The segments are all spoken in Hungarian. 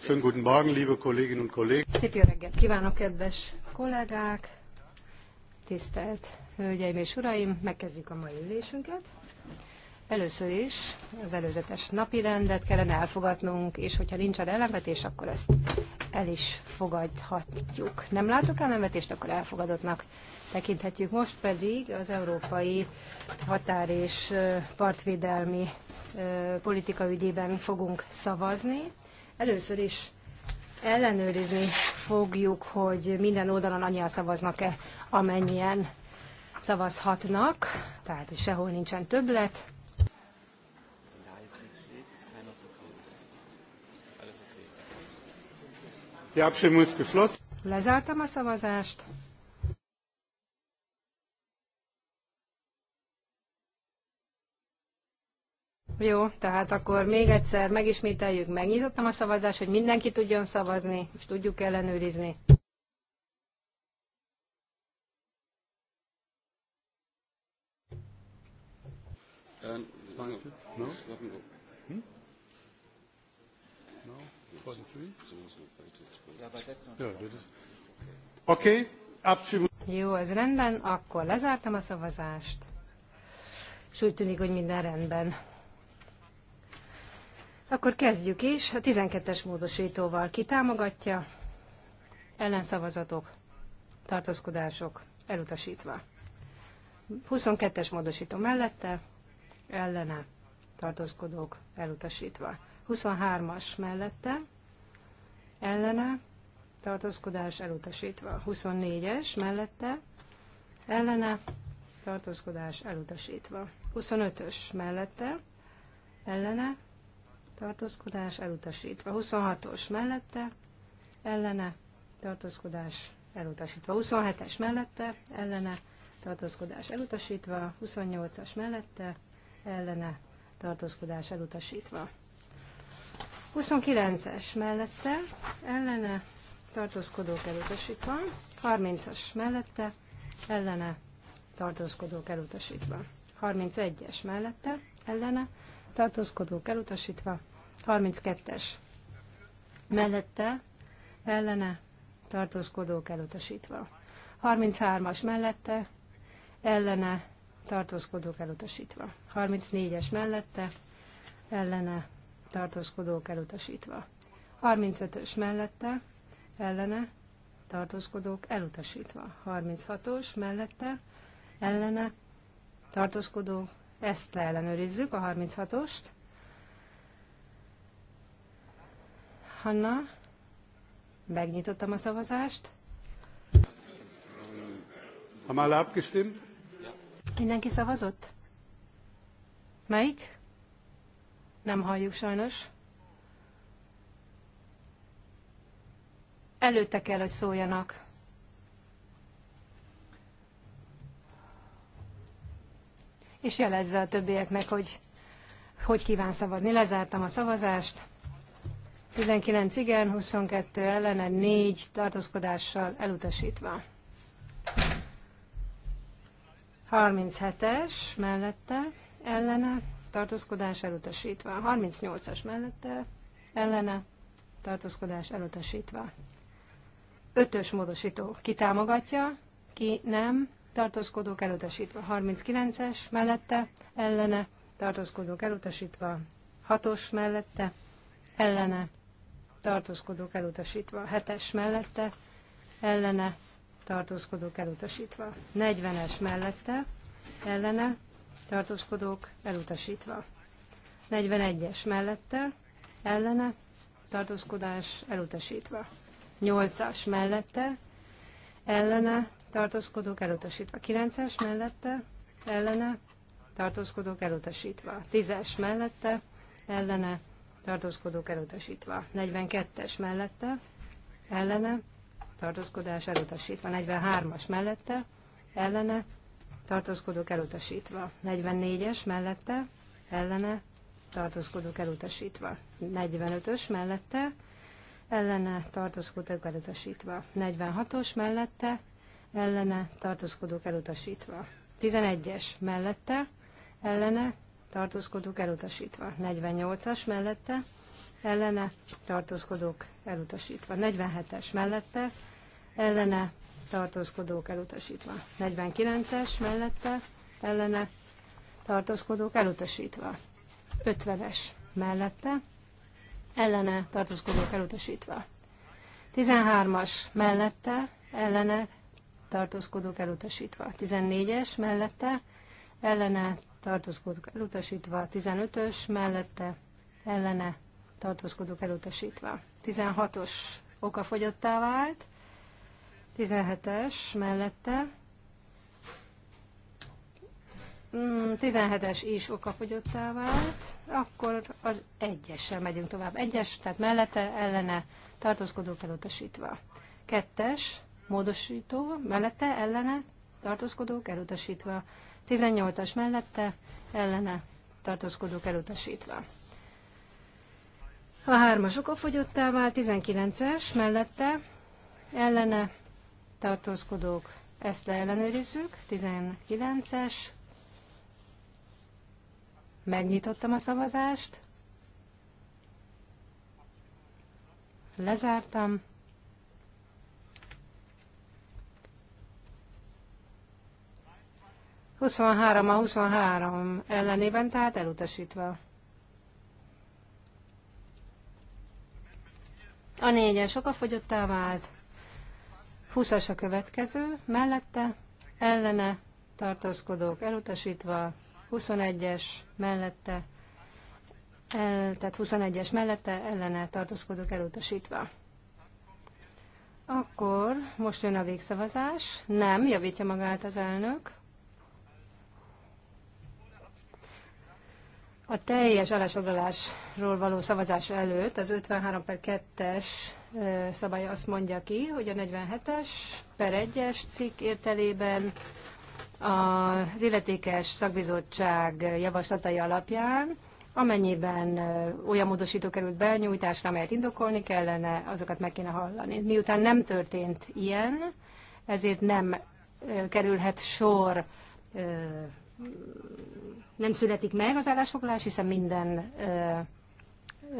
schönen guten Morgen, liebe Kolleginnen und Kollegen. Szép jó reggelt kívánok, kedves kollégák, tisztelt hölgyeim és uraim, megkezdjük a mai ülésünket. Először is az előzetes napi rendet kellene elfogadnunk, és hogyha nincs a ellenvetés, akkor ezt el is fogadhatjuk. Nem látok ellenvetést, akkor elfogadottnak tekinthetjük. Most pedig az Európai Határ és Partvédelmi Politika ügyében fogunk szavazni. Először is ellenőrizni fogjuk, hogy minden oldalon annyian szavaznak-e, amennyien szavazhatnak, tehát sehol nincsen többlet. Lezártam a szavazást. Jó, tehát akkor még egyszer megismételjük, megnyitottam a szavazást, hogy mindenki tudjon szavazni, és tudjuk ellenőrizni. Oké, Jó, ez rendben, akkor lezártam a szavazást, és úgy tűnik, hogy minden rendben. Akkor kezdjük is. A 12-es módosítóval ki támogatja? Ellenszavazatok, tartózkodások elutasítva. 22-es módosító mellette, ellene, tartózkodók elutasítva. 23-as mellette, ellene, tartózkodás elutasítva. 24-es mellette, ellene, tartózkodás elutasítva. 25-ös mellette, ellene, tartózkodás elutasítva. 26-os mellette, ellene, tartózkodás elutasítva. 27-es mellette, ellene, tartózkodás elutasítva. 28-as mellette, ellene, tartózkodás elutasítva. 29-es mellette, ellene, tartózkodók elutasítva. 30-as mellette, ellene, tartózkodók elutasítva. 31-es mellette, ellene, tartózkodók elutasítva, 32-es. Mellette, ellene, tartózkodók elutasítva. 33-as mellette, ellene, tartózkodók elutasítva. 34-es mellette, ellene, tartózkodók elutasítva. 35-ös mellette, ellene, tartózkodók elutasítva. 36-os mellette, ellene, tartózkodók, ezt leellenőrizzük, a 36-ost. Hanna, megnyitottam a szavazást. Ha már abgestimmt? Mindenki szavazott? Melyik? Nem halljuk sajnos. Előtte kell, hogy szóljanak. És jelezze a többieknek, hogy hogy kíván szavazni. Lezártam a szavazást. 19 igen, 22 ellene, 4 tartózkodással elutasítva. 37-es mellette, ellene, tartózkodás elutasítva. 38-as mellette, ellene, tartózkodás elutasítva. 5-ös módosító kitámogatja, ki nem, tartózkodók elutasítva. 39-es mellette, ellene, tartózkodók elutasítva. 6-os mellette, ellene, tartózkodók elutasítva. hetes mellette ellene tartózkodók elutasítva. 40-es mellette ellene tartózkodók elutasítva. 41-es mellette ellene tartózkodás elutasítva. 8-as mellette ellene tartózkodók elutasítva. 9-es mellette ellene tartózkodók elutasítva. 10-es mellette ellene tartózkodók elutasítva. 42-es mellette, ellene, tartózkodás elutasítva. 43-as mellette, ellene, tartózkodók elutasítva. 44-es mellette, ellene, tartózkodók elutasítva. 45-ös mellette, ellene, tartózkodók elutasítva. 46-os mellette, ellene, tartózkodók elutasítva. 11-es mellette, ellene, tartózkodók elutasítva. 48-as mellette ellene tartózkodók elutasítva. 47-es mellette ellene tartózkodók elutasítva. 49-es mellette ellene tartózkodók elutasítva. 50-es mellette ellene tartózkodók elutasítva. 13-as mellette ellene tartózkodók elutasítva. 14-es mellette ellene tartózkodok elutasítva, 15-ös mellette ellene tartózkodok elutasítva. 16-os okafogyottá vált, 17-es mellette, 17-es mm, is okafogyottá vált, akkor az 1 megyünk tovább. 1 tehát mellette, ellene, tartózkodók elutasítva. 2-es, módosító, mellette, ellene, tartózkodók elutasítva. 18-as mellette ellene tartózkodók elutasítva. A hármas okofogyottá vált, 19-es mellette ellene tartózkodók, ezt leellenőrizzük, 19-es, megnyitottam a szavazást, lezártam, 23 a 23 ellenében, tehát elutasítva. A 4-es okafogyottá vált. 20-as a következő, mellette, ellene, tartózkodók elutasítva, 21-es mellette, el, tehát 21-es mellette, ellene, tartózkodók elutasítva. Akkor most jön a végszavazás. Nem, javítja magát az elnök. A teljes állásfoglalásról való szavazás előtt az 53 per 2-es szabály azt mondja ki, hogy a 47-es per 1-es cikk értelében az illetékes szakbizottság javaslatai alapján, amennyiben olyan módosító került benyújtásra, amelyet indokolni kellene, azokat meg kéne hallani. Miután nem történt ilyen, ezért nem kerülhet sor nem születik meg az állásfoglalás, hiszen minden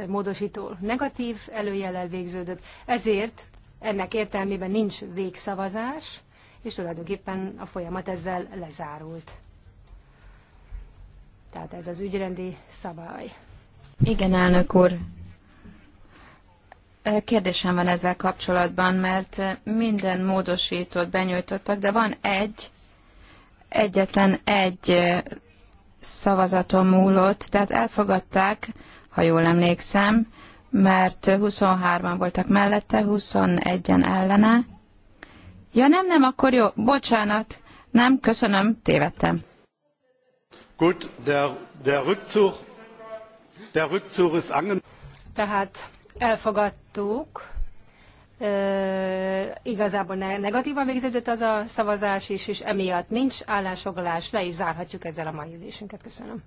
módosító negatív előjellel végződött. Ezért ennek értelmében nincs végszavazás, és tulajdonképpen a folyamat ezzel lezárult. Tehát ez az ügyrendi szabály. Igen, elnök úr. Kérdésem van ezzel kapcsolatban, mert minden módosítót benyújtottak, de van egy, egyetlen egy szavazaton múlott, tehát elfogadták, ha jól emlékszem, mert 23-an voltak mellette, 21-en ellene. Ja nem, nem, akkor jó, bocsánat, nem, köszönöm, tévedtem. Gut, der, der Rückzug, der Rückzug ist angen... Tehát elfogadtuk igazából negatívan végződött az a szavazás is, és emiatt nincs állásfoglalás, le is zárhatjuk ezzel a mai ülésünket. Köszönöm.